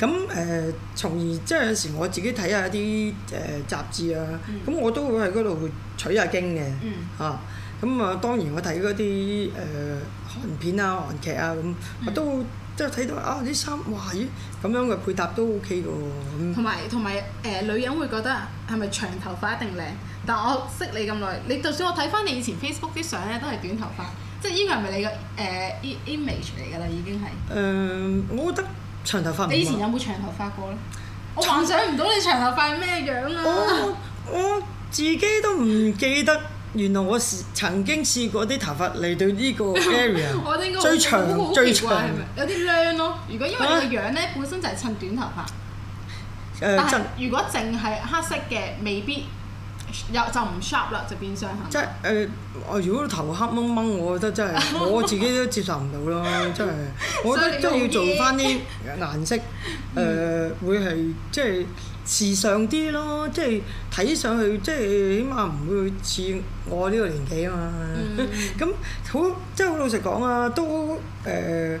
Speaker 1: 咁誒，嗯、 從而即係有時我自己睇下啲誒雜誌啊，咁、嗯、我都會喺嗰度取下經嘅，嚇、嗯。咁啊，當然我睇嗰啲誒韓片啊、韓劇啊，咁我、嗯、都。即係睇到啊！啲衫哇，咦，咁樣嘅配搭都 OK 喎。
Speaker 2: 同埋同埋誒，女人會覺得係咪長頭髮一定靚？但我識你咁耐，你就算我睇翻你以前 Facebook 啲相咧，都係短頭髮。即係依個係咪你嘅誒、呃、image 嚟㗎啦？已經係
Speaker 1: 誒、呃，我覺得長頭髮你以前有
Speaker 2: 冇長頭髮過咧？長我幻想唔到你長頭髮係咩樣
Speaker 1: 啊我！我自己都唔記得。 原來我曾經試過啲頭髮嚟到呢個 area，最長最長，有啲靚咯。如果因為個
Speaker 2: 樣咧，本身就係襯短頭
Speaker 1: 髮。誒、啊，
Speaker 2: 如果淨係黑色嘅，未必又就唔 sharp 啦，就變相。即
Speaker 1: 係誒、呃，我如果頭黑濛濛，我覺得真係我自己都接受唔到咯。 真係，我覺得都要做翻啲顏色。誒、 呃，會係即係。時尚啲咯，即係睇上去，即係起碼唔會似我呢個年紀啊嘛。咁好、mm. 即係好老實講啊，都誒、呃、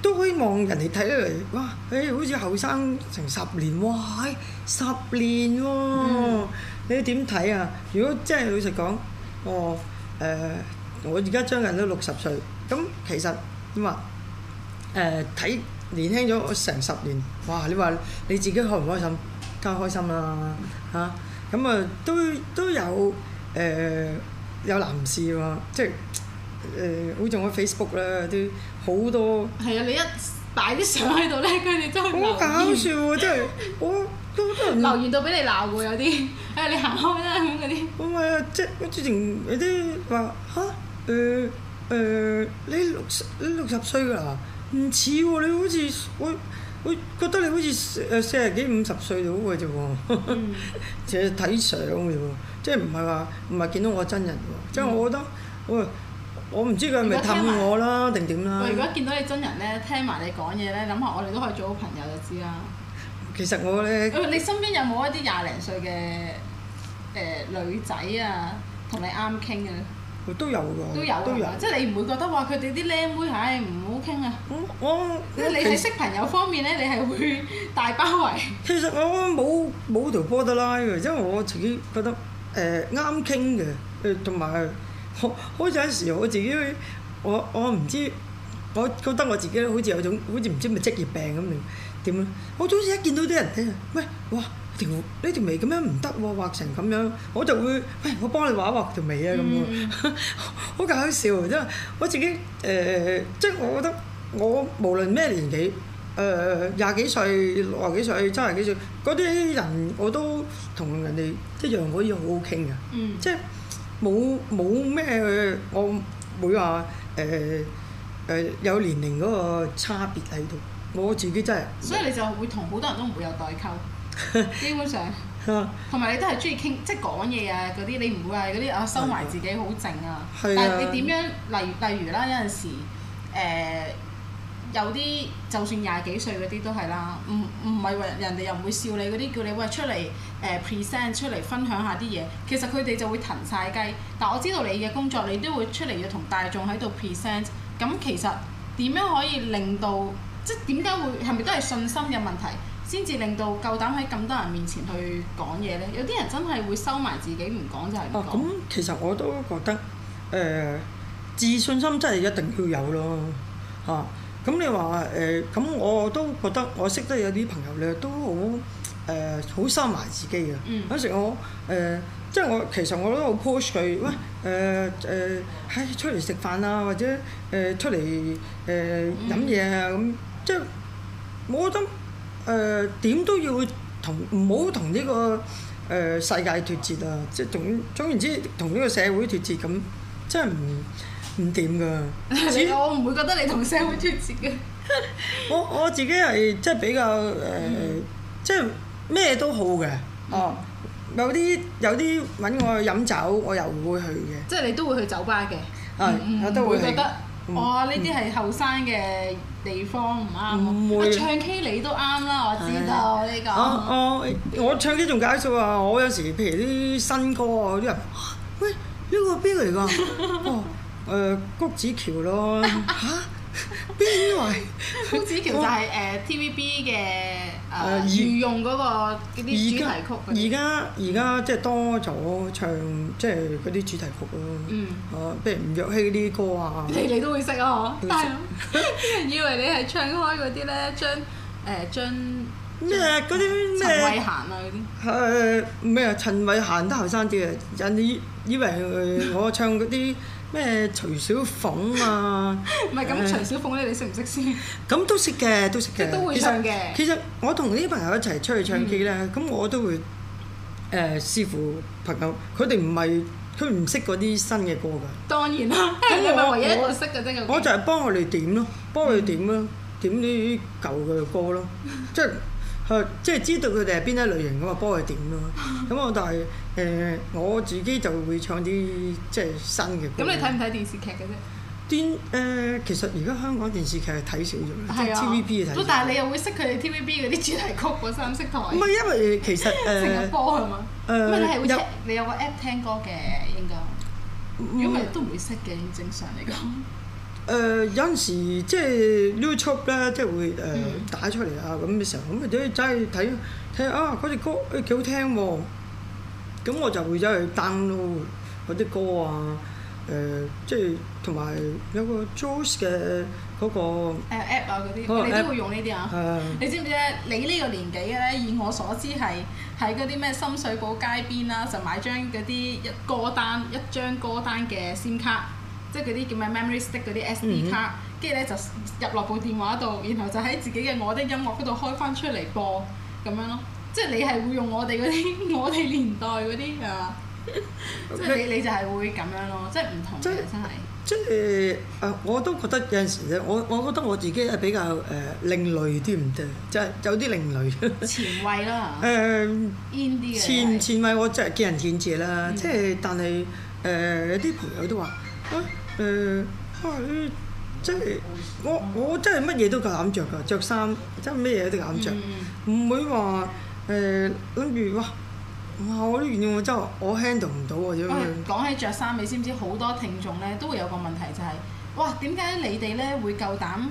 Speaker 1: 都希望人哋睇得嚟哇！誒、欸、好似後生成十年喎，十年喎，你點睇啊？如果即係老實講，我誒我而家將近都六十歲，咁其實你話誒睇年輕咗成十年，哇！哦 mm. 你話、啊哦呃呃、你，你自己開唔開心？更加開心啦、啊、嚇！咁啊都，都都有誒、呃、有男士喎，即係誒會、呃、用開 Facebook 啦，啲好多
Speaker 2: 係啊！你一擺啲相喺度咧，佢哋都好搞笑喎！真係，我都好多人留言到俾你鬧喎，有啲誒你行開啦咁嗰啲。唔係啊，即係之前有啲話嚇誒
Speaker 1: 誒你六十你六十歲㗎啦，唔似喎你好似我。會覺得你好似誒四十幾五十歲到嘅啫喎，其實睇相嘅喎，即係唔係話唔係見到我真人喎，嗯、即係我覺得，我我唔知佢係咪氹我啦定點啦。如果見到你真人咧，聽埋你講嘢咧，諗下我哋都可以做好朋友就知啦。其實我咧，你身邊有冇一啲廿零歲嘅誒、呃、女仔啊，同你啱傾
Speaker 2: 嘅？
Speaker 1: 都有喎，都有，都有即係你唔會覺得話佢哋啲
Speaker 2: 靚妹係唔好傾啊！我我你喺識朋友方面咧，你係會大包圍
Speaker 1: 其實。 其實我冇冇條波得拉嘅，因為我自己覺得誒啱傾嘅，誒同埋開開頭嗰陣時，我自己我我唔知，我覺得我自己好似有種好似唔知咪職業病咁你點咯，我總之一見到啲人咧，喂哇！條呢條眉咁樣唔得喎，畫成咁樣我就會喂、哎、我幫你畫一畫條眉啊咁喎，好、嗯、 搞笑真係我自己誒、呃，即係我覺得我無論咩年紀，誒、呃、廿幾歲、六十幾歲、七十幾歲嗰啲人，我都同人哋一樣可以好好傾嘅，嗯、即係冇冇咩我會話誒誒有年齡嗰個差別喺度，我自己真係所以你
Speaker 2: 就會同好多人都唔會有代溝。 基本上，同埋、 啊、你都係中意傾即係講嘢啊嗰啲，你唔會話嗰啲啊收埋、啊、自己好靜啊。對但係你點樣？例如例如啦，有陣時誒、呃、有啲就算廿幾歲嗰啲都係啦。唔唔係話人哋又唔會笑你嗰啲，叫你喂出嚟誒 present 出嚟分享一下啲嘢。其實佢哋就會騰晒雞。但我知道你嘅工作，你都會出嚟要同大眾喺度 present。咁其實點樣可以令到即係點解會係咪都係信心嘅問題？先至令到夠膽喺咁多人面前去講嘢咧，有啲人真係會收埋自己唔講就係咁、
Speaker 1: 啊、其實我都覺得誒、呃、自信心真係一定要有咯嚇。咁、啊、你話誒咁我都覺得我識得有啲朋友咧都好誒好收埋自己嘅。有、嗯、時我誒、呃、即係我其實我都好 push 佢喂誒誒，喺、呃哎、出嚟食飯啊或者誒、呃、出嚟誒、呃、飲嘢啊咁，即係我覺得。誒點、呃、都要同唔好同呢個誒、呃、世界脫節啊！即總總言之，同呢個社會脫節咁，即係唔唔掂㗎？我
Speaker 2: 唔會覺得你同社會脫節嘅 。
Speaker 1: 我我自己係即係比較誒、呃，即係咩都好嘅。哦有，有啲有啲搵我去飲酒，我又會去嘅。
Speaker 2: 即係你都會去酒吧嘅？係、嗯嗯嗯，我都會去。我覺得哇！呢啲係後生嘅。嗯地方唔啱、啊，我不會、啊、唱 K 你都啱啦，我知
Speaker 1: 道呢、啊啊這個。我我我唱 K 仲解數啊，我有時譬如啲新歌啊，啲、啊、人，喂、啊，呢個邊個嚟㗎？哦、呃，谷子喬咯、啊。嚇、啊？
Speaker 2: 邊位、啊？ 谷子喬就係誒 TVB 嘅。誒御、啊、
Speaker 1: 用嗰個啲主題曲。而家而家即係多咗唱即係嗰啲主題曲咯。嗯。哦、啊，譬如吳若希嗰啲歌啊。嗯、你哋
Speaker 2: 都會識啊？嗬。啲人 以為你係唱開嗰啲咧，將誒將咩嗰啲咩陳慧嫻
Speaker 1: 啊嗰啲。誒咩麼啊？陳慧嫻都後生啲啊！麼啊人哋以為我唱嗰啲。 咩徐小鳳啊？唔係咁徐
Speaker 2: 小鳳咧，你 識唔識先？
Speaker 1: 咁都識嘅，都識嘅，都會唱嘅。其實我同啲朋友一齊出去唱 K 咧，咁、嗯、我都會誒、呃、師傅朋友，佢哋唔係佢唔識嗰啲新嘅歌㗎。當然
Speaker 2: 啦，咁 咪我唯一 我識嘅啫。我， 我就係
Speaker 1: 幫佢哋點咯，幫佢哋點咯，點啲舊嘅歌咯，即係、嗯。 即係知道佢哋係邊一類型嘅嘛，幫佢點咯。咁我但係誒、呃，我自己就會唱啲即係新嘅歌、 嗯。咁
Speaker 2: 你睇唔
Speaker 1: 睇電視劇嘅啫？電誒、呃，其實而家香港電視劇係睇少咗，啊、即係 TVB 嘅睇少。都但係你又會識佢
Speaker 2: 哋 TVB 嗰啲主題曲嗰三
Speaker 1: 色台。唔係 因為其實成日播係嘛？誒、呃，你係、呃、會
Speaker 2: 有
Speaker 1: 你有
Speaker 2: 個 app 聽歌嘅應該。如果唔係都唔會識嘅，正常嚟講。
Speaker 1: 誒、 呃、有陣時即係 YouTube 咧，即係會誒打出嚟啊咁嘅時候，咁啊走去走去睇下啊嗰隻歌誒幾好聽喎，咁、啊、我就會走去 download 嗰啲歌、呃那個、啊，誒即係同埋有個 Jazz 嘅嗰個
Speaker 2: App 啊嗰啲，我哋都會用呢啲啊。啊你知唔知咧？你呢個年紀咧，以我所知係喺嗰啲咩深水埗街邊啦，就買張嗰啲一歌單一張歌單嘅先卡。即係嗰啲叫咩 memory stick 嗰啲 SD 卡，跟住咧就入落部電話度，然後就喺自己嘅我的音樂嗰度開翻出嚟播咁樣咯。即係你係會用我哋嗰啲我哋年代嗰啲啊，即係你你就係會咁樣咯。即係唔同嘅
Speaker 1: 真係。即係誒，我都覺得有陣時我我覺得我自己係比較誒另類啲唔得，就係有啲另類前衛啦。誒
Speaker 2: in 前
Speaker 1: 前衛，我真係見仁見智啦。即係但係誒，有啲朋友都話。誒係，即係我我真係乜嘢都夠膽着噶，着衫真係乜嘢都夠膽着。唔、嗯、會話誒諗住哇哇我啲原我真係我 handle 唔到啊！咁
Speaker 2: 講起着衫，你知唔知好多聽眾咧都會有個問題就係、是，哇點解你哋咧會夠膽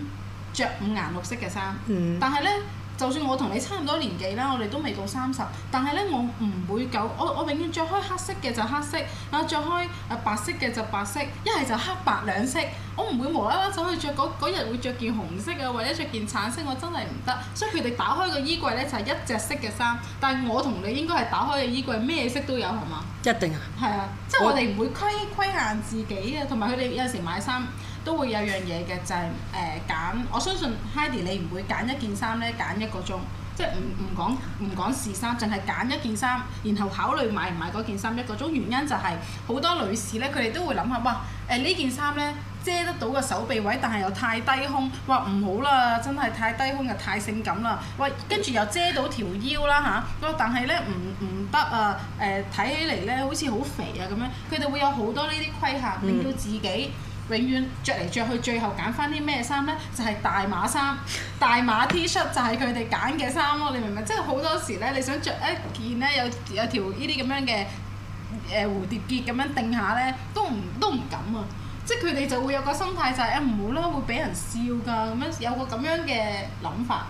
Speaker 2: 着五顏六色嘅衫？嗯，但係咧。就算我同你差唔多年紀啦，我哋都未到三十，但係呢，我唔會夠，我我永遠着開黑色嘅就黑色，啊着開白色嘅就白色，一係就黑白兩色，我唔會無啦啦走去着，嗰日會着件紅色啊，或者着件橙色，我真係唔得。所以佢哋打開個衣櫃呢，就係一隻色嘅衫，但係我同你應該係打開嘅衣櫃咩色都有係嘛？一定啊。係啊，即係我哋唔會規規限自己啊，同埋佢哋有時買衫。都會有樣嘢嘅，就係誒揀。我相信 Hidy 你唔會揀一件衫咧揀一個鐘，即係唔唔講唔講試衫，淨係揀一件衫，然後考慮買唔買嗰件衫一個鐘。原因就係、是、好多女士咧，佢哋都會諗下，哇誒、呃、呢件衫咧遮得到個手臂位，但係又太低胸，哇唔好啦，真係太低胸又太性感啦。喂，跟住又遮到條腰啦吓、啊，但係咧唔唔得啊誒，睇、呃、起嚟咧好似好肥啊咁樣。佢哋會有好多呢啲規限令到自己。嗯永遠着嚟着去，最後揀翻啲咩衫呢？就係大碼衫、大碼 T 恤就係佢哋揀嘅衫咯。你明唔明？即係好多時呢，你想着一件呢，有有條呢啲咁樣嘅蝴蝶結咁樣定下呢，都唔都唔敢啊！即係佢哋就會有個心態就係啊唔好啦，會俾人笑㗎咁樣，有個咁樣嘅諗法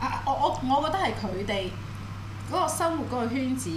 Speaker 2: 啊！我我我覺得係佢哋嗰個生活嗰個圈子，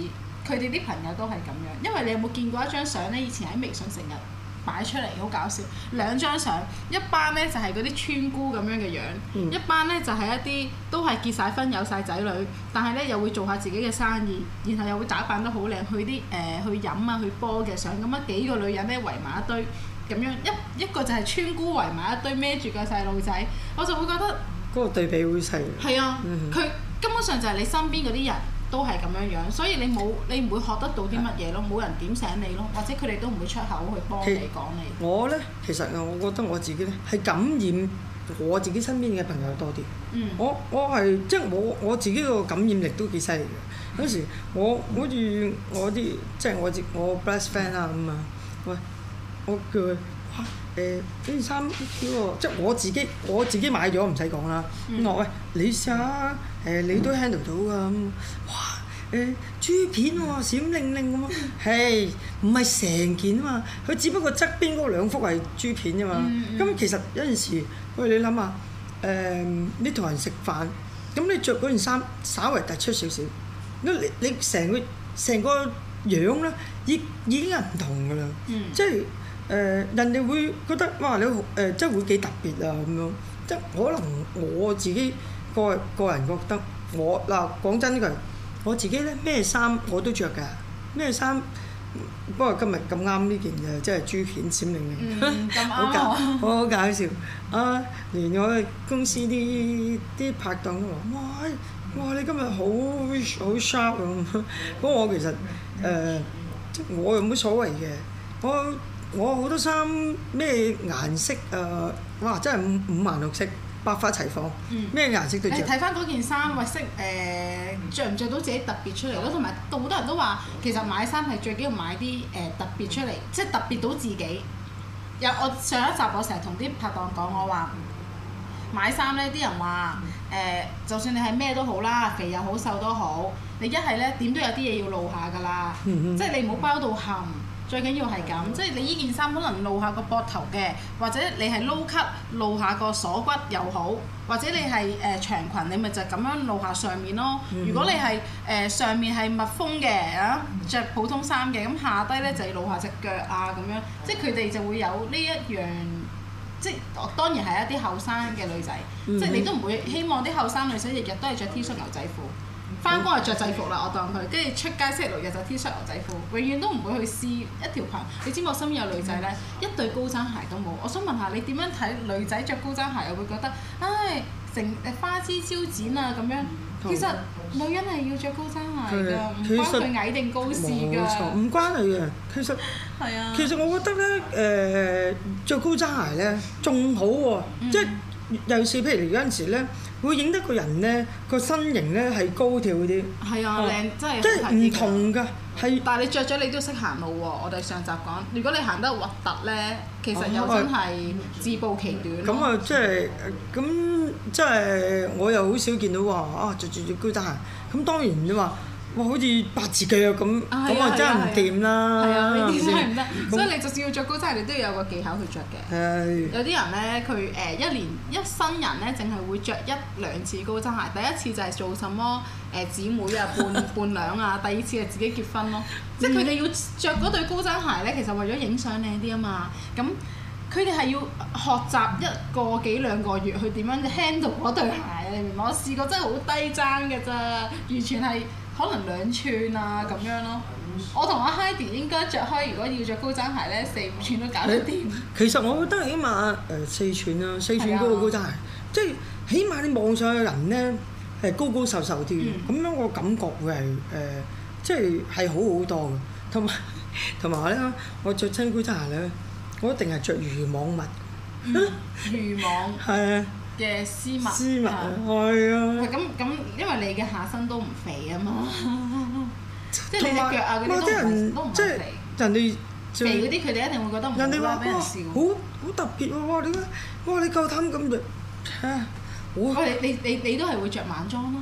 Speaker 2: 佢哋啲朋友都係咁樣。因為你有冇見過一張相呢？以前喺微信成日。擺出嚟好搞笑，兩張相，一班呢就係嗰啲村姑咁樣嘅樣，嗯、一班呢就係、是、一啲都係結晒婚有晒仔女，但係呢又會做下自己嘅生意，然後又會打扮得好靚，去啲誒、呃、去飲啊去波嘅相，咁啊幾個女人呢圍埋一堆咁樣，一一個就係村姑圍埋一堆孭住個細路仔，我就會覺得嗰個對比好犀利。係啊，佢 根本上就係你身邊嗰啲人。都係咁樣樣，
Speaker 1: 所以你冇你唔會學得到啲乜嘢咯，冇人點醒你咯，或者佢哋都唔會出口去幫你講你。我呢，其實我覺得我自己呢，係感染我自己身邊嘅朋友多啲，嗯。我我係即係我我自己個感染力都幾犀利嘅。 有時我好我我我似我啲即係我我 best friend 啊咁啊，喂，我叫嚇！誒，呢、欸、件衫呢個，即係我自己我自己買咗，唔使講啦。咁我喂，你試下誒、欸，你都 handle 到噶。咁哇誒，珠、欸、片喎、啊，閃靈靈咁樣。係唔係成件啊嘛？佢只不過側邊嗰兩幅係珠片啫嘛。咁、嗯嗯、其實有陣時，喂你諗下誒，你同、欸、人食飯，咁你着嗰件衫，稍為突出少少，咁你你成個成個樣咧，已已經係唔同噶啦。即係是。誒，人哋會覺得，哇你，誒真會幾特別啊，咁樣，即係可能我自己個個人覺得我，嗱，講真呢句，我自己咧，咩衫我都著㗎，咩衫，不過今日咁啱呢件又真係珠片閃亮亮，咁啱，好好搞笑啊！連我公司啲啲拍檔都話，哇哇你今日好好 sharp 咁。不過我其實，誒我又冇所謂嘅我。我好多衫咩顏色誒、呃？哇！真係五五顏六色，百花齊放。咩、嗯、顏色都着。誒、嗯，睇
Speaker 2: 翻嗰件衫，或色誒着唔着到自己特別出嚟咯。同埋好多人都話，其實買衫係最緊要買啲誒特別出嚟，即係特別到自己。有我上一集我成日同啲拍檔講，我話買衫咧，啲人話誒、呃，就算你係咩都好啦，肥又好，瘦都好，你一係咧點都有啲嘢要露下㗎啦。嗯、即係你唔好包到冚。最緊要係咁，即係你呢件衫可能露下個膊頭嘅，或者你係 low cut 露下個鎖骨又好，或者你係誒長裙，你咪就咁樣露下上面咯。如果你係誒、呃、上面係密封嘅，啊，著普通衫嘅，咁下低咧就係露下隻腳啊咁樣，即係佢哋就會有呢一樣，即係當然係一啲後生嘅女仔，Okay. 即係你都唔會希望啲後生女仔日日都係着 T 恤牛仔褲。翻工、嗯、就着制服啦，我當佢跟住出街星期六日就 T 恤牛仔褲，永遠都唔會去試一條裙。你知我身邊有女仔呢，實一對高踭鞋都冇。我想問下你點樣睇女仔着高踭鞋，又會覺得唉，成花枝招展啊咁樣。其實女人係要着高踭鞋噶，唔實關佢矮定高事噶，唔
Speaker 1: 關係嘅。其實、
Speaker 2: 啊、其實
Speaker 1: 我覺得呢，誒、呃、着高踭鞋呢仲好喎、啊，嗯、即係尤其是譬如有陣時呢。會影得個人咧，個身形咧係高挑啲。係啊，
Speaker 2: 靚美真係。即係唔
Speaker 1: 同㗎，
Speaker 2: 係。但係你着咗你都識行路喎。是我哋上集講，如果你行得核突咧，其實又真係自暴其短。咁啊，
Speaker 1: 即、哎、係，咁即係，我又好少見到喎。啊，着住條高踭鞋，咁當然啫嘛。哇！好似八字腳咁，咁我真係唔掂啦。係啊，呢啲真係唔得。所以你
Speaker 2: 就算要著高踭鞋，你都要有個技巧去著嘅。
Speaker 1: 係。有
Speaker 2: 啲人咧，佢誒一年一新人咧，淨係會著一兩次高踭鞋。第一次就係做什麼誒姊妹啊、伴伴娘啊。第二次係自己結婚咯。即係佢哋要著嗰對高踭鞋咧，其實為咗影相靚啲啊嘛。咁佢哋係要學習一個幾兩個月去點樣 handle 嗰對鞋。你明唔明？我試過真係好低踭嘅啫，完全係。可能兩寸啊，咁樣咯，吋我同阿 Hidy 應該着
Speaker 1: 開，如果要着高踭鞋咧，四五寸都搞得掂。其實我覺得起碼誒四寸啦，四寸高嘅高踭鞋，是啊、即係起碼你望上去人咧係高高瘦瘦啲嘅，咁樣、嗯、我感覺會係誒，即係係好好多嘅。同埋同埋咧，我着親高踭鞋咧，我一定係着漁網襪。漁、嗯、
Speaker 2: 網係啊。嘅絲襪，絲襪，係啊，唔係咁咁，因為你嘅下身都唔肥啊嘛，即係你隻腳啊嗰啲都唔都
Speaker 1: 唔即係人哋肥嗰啲，佢哋一
Speaker 2: 定會覺得唔啱俾人笑。好好特別喎，哇！點啊，哇！你夠膽咁樣啊！我你你你你都係會著晚裝
Speaker 1: 啦。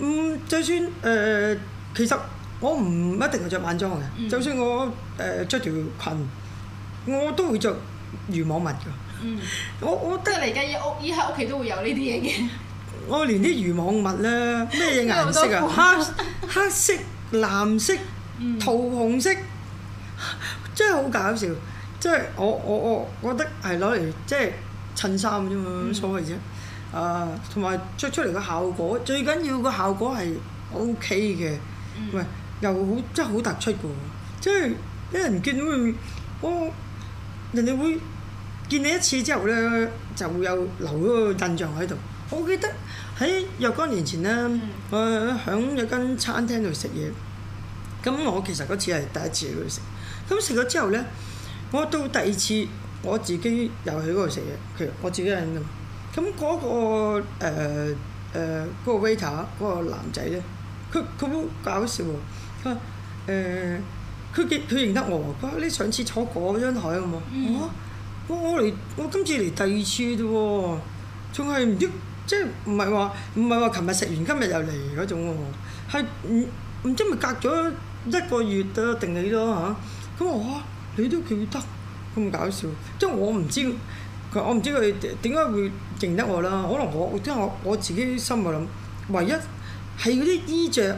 Speaker 1: 嗯，就算誒，其實我唔一定係著晚裝嘅，就算我誒著條裙，我都會著漁網襪㗎。
Speaker 2: 嗯，我我得即係而家屋依刻屋企都會有呢啲嘢嘅。
Speaker 1: 我連啲魚網襪啦、啊，咩嘢顏色啊？黑 黑色、藍色、桃紅色，嗯、真係好搞笑。即係我我我覺得係攞嚟即係襯衫啫嘛，所謂啫？啊，同埋着出嚟嘅效果，最緊要個效果係 O K 嘅，唔、嗯、又好真係好突出嘅。即係啲人見到哦，人哋會。見你一次之後咧，就會有留嗰個印象喺度。我記得喺若干年前咧，嗯、我響一間餐廳度食嘢。咁我其實嗰次係第一次去食。咁食咗之後咧，我到第二次我自己又去嗰度食嘢。其實我自己喺度。咁嗰、嗰個誒誒嗰個 waiter 嗰、嗰個男仔咧，佢佢好搞笑喎。佢話誒，佢記佢認得我。佢話你上次坐嗰張台啊冇？嗯哦。我嚟，我今次嚟第二次啫喎、哦，仲係唔知即係唔係話唔係話琴日食完今日又嚟嗰種喎，係唔唔知咪隔咗一個月啊定啊啊你囉嚇？咁我你都記得咁搞笑，即係我唔知佢我唔知佢點解會認得我啦。可能我即係我我自己心裡諗，唯一係嗰啲衣着。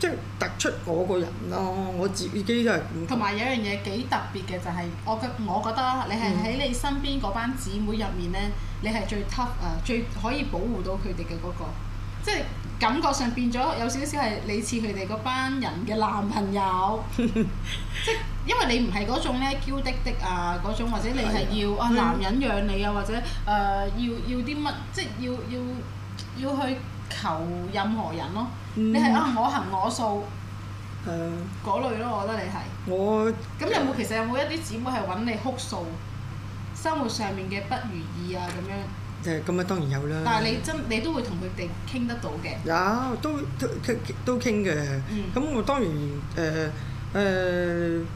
Speaker 1: 即係突出嗰個人咯、啊，我自己就係。同埋
Speaker 2: 有樣嘢幾特別嘅就係，我覺我覺得你係喺你身邊嗰班姊妹入面呢，嗯、你係最 tough 啊，最可以保護到佢哋嘅嗰個。即係感覺上變咗有少少係你似佢哋嗰班人嘅男朋友。 即係因為你唔係嗰種咧嬌滴滴啊嗰種，或者你係要的啊男人養你啊，嗯、或者誒、呃、要要啲乜，即係要要要，要去。求任何人咯，嗯、你係啊我行我素，係啊嗰類咯，我覺得你係，我咁有冇，其實有冇一啲姊妹係揾你哭訴生活上面嘅
Speaker 1: 不如意啊咁樣？誒咁啊當然有啦，但係你
Speaker 2: 真你都會同佢哋傾得
Speaker 1: 到嘅。有都都傾嘅，咁、嗯、我當然誒誒、呃呃，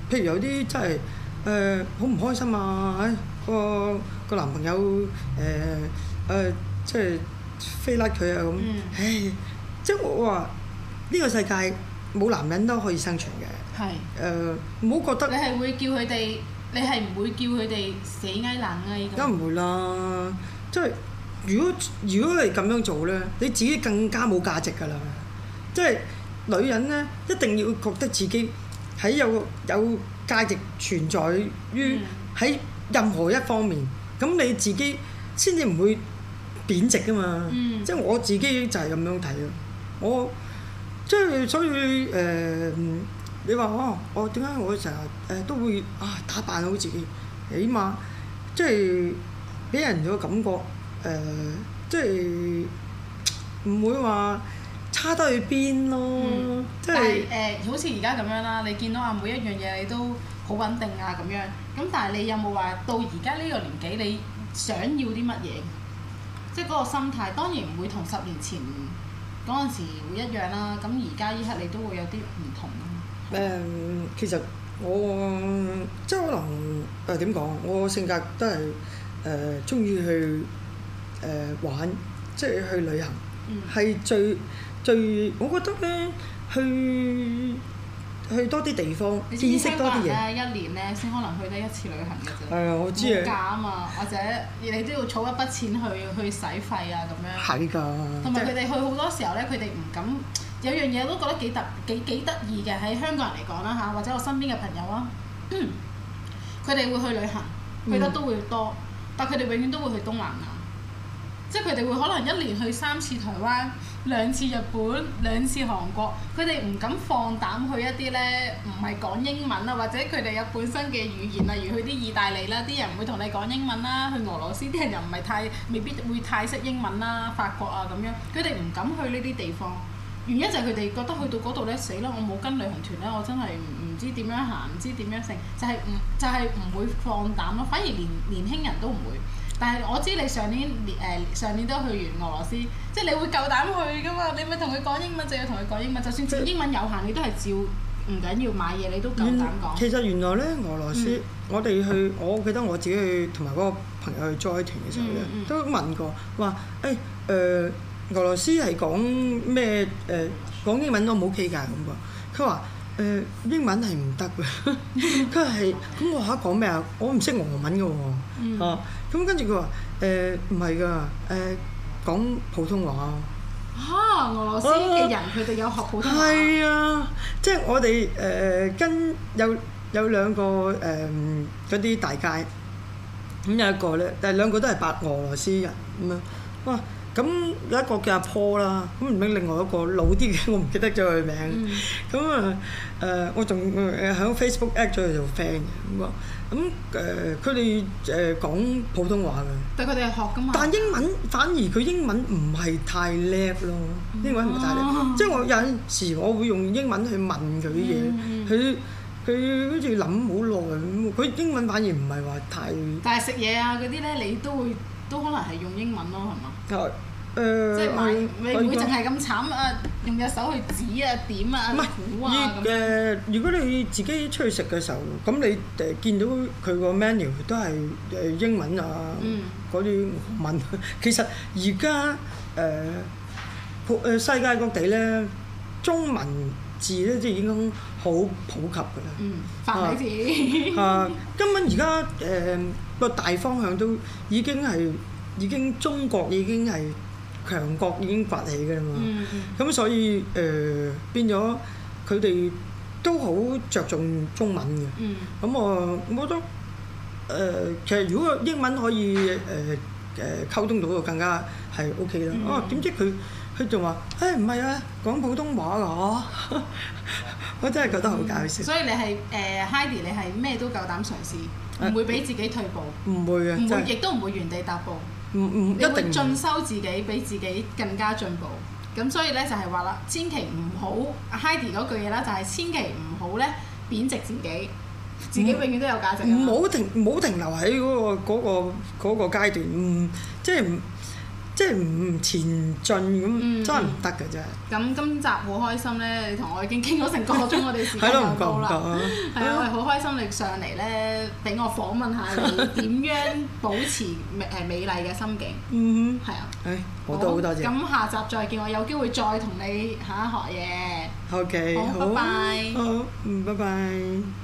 Speaker 1: 譬如有啲真係誒好唔開心啊，喺個個男朋友誒誒、呃呃呃、即係。飛甩佢啊！咁，嗯、唉，即係我話呢個世界冇男人都可以生存嘅。係誒，
Speaker 2: 唔好覺得。你係會叫佢哋？你係唔會叫佢
Speaker 1: 哋死鶏爛鶏？梗唔會啦！即係如果如果你咁樣做咧，你自己更加冇價值㗎啦！即係女人咧，一定要覺得自己喺有有價值存在於喺任何一方面，咁、嗯、你自己先至唔會。貶值噶嘛，嗯、即係我自己就係咁樣睇咯。我即係所以誒、呃，你話哦，我點解我成日誒都會啊打扮好自己，起碼即係俾人個感覺誒、呃，即係唔會話差得去邊咯。嗯、即係是
Speaker 2: 誒、呃，好似而家咁樣啦。你見到啊，每一樣嘢你都好穩定啊，咁樣咁。但係你有冇話到而家呢個年紀，你想要啲乜嘢？即係嗰個心態，當然唔會同十年前嗰陣時會一樣啦。咁而家依刻你都會有啲唔同咯。
Speaker 1: 誒、嗯，吧其實我即係可能誒點講？我性格都係誒中意去誒、呃、玩，即係去旅行，係、嗯、最最，我覺得咧去。去多啲地方，你見識多啲嘢。
Speaker 2: 一年咧，先可能去得一次旅行嘅
Speaker 1: 啫。係啊，我知啊。假啊
Speaker 2: 嘛，或者你都要儲一筆錢去去使費啊咁
Speaker 1: 樣。係噶的。同埋
Speaker 2: 佢哋去好多時候咧，佢哋唔敢有樣嘢都覺得幾特幾幾得意嘅，喺香港人嚟講啦嚇，或者我身邊嘅朋友啊，佢、嗯、哋會去旅行，去得都會多，嗯、但佢哋永遠都會去東南亞，即係佢哋會可能一年去三次台灣。兩次日本，兩次韓國，佢哋唔敢放膽去一啲呢，唔係講英文啊，或者佢哋有本身嘅語言，例如去啲意大利啦，啲人唔會同你講英文啦；去俄羅斯啲人又唔係太未必會太識英文啦，法國啊咁樣，佢哋唔敢去呢啲地方。原因就係佢哋覺得去到嗰度呢，死啦！我冇跟旅行團呢，我真係唔知點樣行，唔知點樣食，就係唔就係唔會放膽咯。反而年年輕人都唔會。但係我知你上年誒、呃、上年都去完俄羅斯，即係你會夠膽去㗎嘛？你咪同佢講英文，就要同佢講英文。就
Speaker 1: 算英文有限，你都照係照唔緊要買嘢，你都夠膽講。其實原來咧，俄羅斯、嗯、我哋去，我記得我自己去同埋嗰個朋友去 join 團嘅時候咧，嗯嗯、都問過話誒誒，俄羅斯係講咩誒、呃、講英文都冇 K 㗎，咁佢話。誒、uh，英文係唔得嘅，佢係咁我下講咩啊？我唔識俄文嘅喎，哦，咁跟住佢話誒唔係㗎，誒、嗯呃呃、講普通話
Speaker 2: 吓、啊。俄羅斯嘅人佢哋有學普通話係啊，即
Speaker 1: 係、啊就是、我哋誒、呃、跟有有兩個誒嗰啲大街，咁有一個咧，但係兩個都係白俄羅斯人咁樣、嗯、哇。咁有一個叫阿婆啦，咁唔明另外一個老啲嘅我唔記得咗佢名，咁啊誒我仲誒喺 Facebook add 咗佢做 friend 嘅，咁咁誒佢哋誒講普通話嘅，但佢哋
Speaker 2: 係學㗎嘛。但英文、
Speaker 1: 嗯、反而佢英文唔係太叻咯，嗯、
Speaker 2: 英文唔係太叻，嗯、即
Speaker 1: 係我有陣時我會用英文去問佢嘢，佢佢好似諗好耐，佢英文反而唔係話太。
Speaker 2: 但係食嘢啊嗰啲咧，你都會。
Speaker 1: 都可能係用英文咯，
Speaker 2: 係嘛？誒，即係咪你唔會淨係咁慘啊？用隻手去
Speaker 1: 指啊、點啊、唔係鼓啊咁樣。誒，如果你自己出去食嘅時候，咁你誒見到佢個 menu 都係誒英文啊，嗰啲文。其實而家誒，誒世界各地咧中文字咧即係已經好普及㗎啦。嗯，繁
Speaker 2: 體字。 啊，
Speaker 1: 英文而家誒個大方向都已經係已經，中國已經係強國，已經崛起㗎嘛。嗯咁、嗯啊、所以誒、呃、變咗佢哋都好着重中文嘅。嗯。咁我我覺得，誒、呃、其實如果英文可以誒誒、呃、溝通到，就更加係 OK 啦。哦、嗯，點知佢？啊佢仲話，誒唔係啊，講普通話㗎 我真係覺得好搞笑，嗯。所
Speaker 2: 以你係誒、呃、Hidy 你係咩都夠膽嘗試，唔、啊、會俾自己退步。
Speaker 1: 唔、呃、會啊，唔會，亦的
Speaker 2: 都唔會原地踏步。
Speaker 1: 唔唔，一定進
Speaker 2: 修自己，俾自己更加進步。咁、嗯、所以咧就係話啦，千祈唔好 Hidy 嗰句嘢啦，就係、是、千祈唔好咧貶值自己，自己永遠都有價值。唔好、
Speaker 1: 嗯嗯、停，唔好停留喺嗰、那個嗰、那個那個階段，唔、嗯、即係唔。即係唔前進咁，真係唔得嘅啫。
Speaker 2: 咁、嗯嗯、今集好開心咧，你同我已經傾咗成個鐘，我哋時間到啦。係啊，我係好開心你上嚟咧，俾我訪問下你點樣保持誒美麗嘅心境。嗯，係啊。
Speaker 1: 誒，好多好多謝。咁
Speaker 2: 下集再見，我有機會再同你下一學嘢。
Speaker 1: Okay, 好嘅好 bye，好。拜，
Speaker 2: 好嗯，拜拜。